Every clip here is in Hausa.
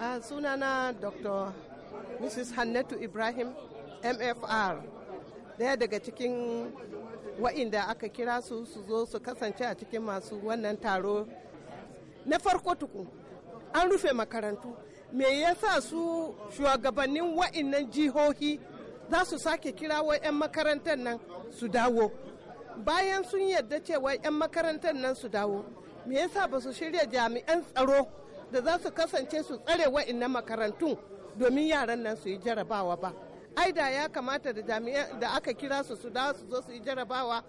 Uh, sunana Dr. Mrs. Hannatu Ibrahim MFR daya daga cikin wa'inda aka kira su su zo su kasance a cikin masu wannan taro na farko tuku an rufe makarantu me yasa su shugabannin wa'innan jihohi za su sake wa 'yan makarantar nan su dawo bayan sun yarda cewa 'yan makarantar nan su dawo me yasa ba su shirya jami'an tsaro da za su kasance su tsare waannan makarantun domin yaran nan su yi jarabawa ba ai da ya kamata da jami'an da aka kira su su da su zo su yi jarabawa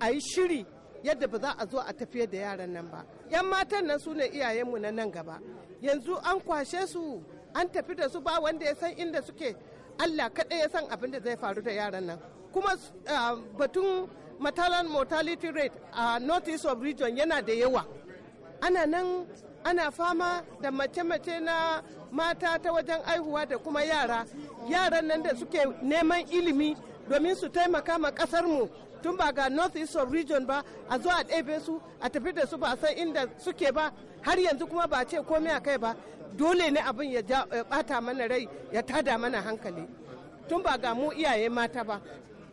a yi shiri yadda ba za a zo a tafiyar da yaran nan ba yan matan nan su ne iyayenmu na nan gaba yanzu an kwashe su an tafi da su ba wanda ya san inda suke allah kaɗai ya san abin da zai faru da yaran nan kuma ah, batun matalan mortality rate a north east of region yana da yawa ana nan ana fama da mace-mace na mata ta wajen aihuwa da kuma yara yaran nan da suke neman ilimi domin su taimaka ma kasar mu tun ba ga north east of region ba a zo a ɗebe su a tafi da su ba san inda suke ba har yanzu kuma ba ce komai a kai ba dole ne abin ya bata mana rai ya tada mana hankali tun ba ga mu iyaye mata ba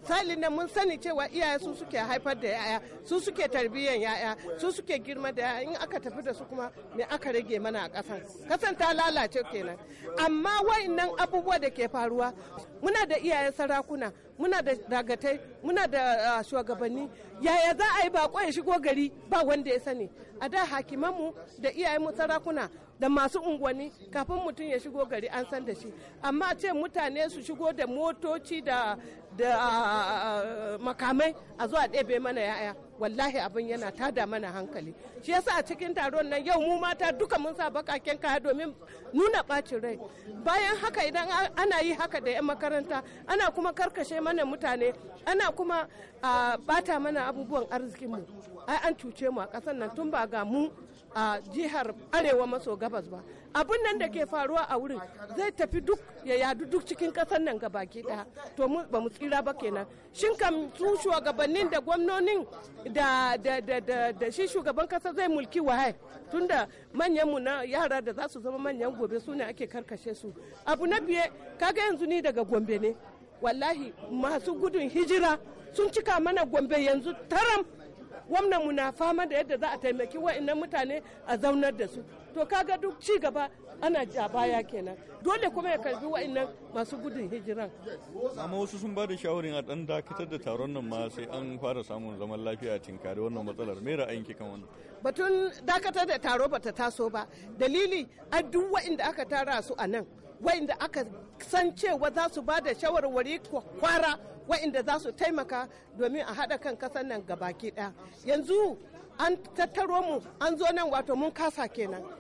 misali ne mun sani cewa iyaye su suke haifar da yaya su suke tarbiyyar yaya su suke girma da yaya in aka tafi da su kuma me aka rage mana a kasan kasan ta lalace kenan amma wa'annan abubuwa da ke faruwa muna da iyaye sarakuna muna da dagatai muna da ah, shugabanni yaya za a yi bako ya shigo gari ba wanda ya sani a da mu da iyayen mu sarakuna da masu unguwanni kafin mutum ya shigo gari an san da shi amma ce mutane su shigo da motoci da da makamai a zuwa ɗebe mana yaya wallahi abin yana tada mana hankali shi yasa a cikin taron nan yau mu mata duka mun sa bakaken kaya domin nuna ɓacin rai bayan haka idan ana yi haka da 'yan makaranta ana kuma karkashe mana mutane ana kuma bata mana abubuwan arzikinmu ai an cuce mu a ƙasar nan tun ba ga mu a jihar arewa maso gabas ba abun nan da ke faruwa a wurin zai tafi duk ya yadu duk cikin kasar nan ga baki daya to ba mu tsira ba kenan shin kam su shugabannin da gwamnonin da da da da, da shi shugaban kasa zai mulki wahai tunda manyan mu na yara da za su zama manyan gobe su ne ake karkashe su abu na biye kaga yanzu ni daga gombe ne wallahi masu gudun hijira sun cika mana gombe yanzu taram gwamnan mu na fama da yadda za a taimaki wa'annan mutane a zaunar da su to kaga duk ci gaba ana ja baya kenan dole kuma ya karbi wa'annan masu gudun hijiran amma wasu sun ba da shawarin a dan dakatar da taron nan ma sai an fara samun zaman lafiya tinkari wannan matsalar me ki kan wannan batun dakatar da taro bata taso ba dalili a duk wa'anda aka tara su a nan wa'inda aka san cewa za su ba da shawarwari kwara wa'inda za su taimaka domin a haɗa kan ƙasar nan ga gabaki ɗaya yanzu an tattaro mu an zo nan wato mun kasa kenan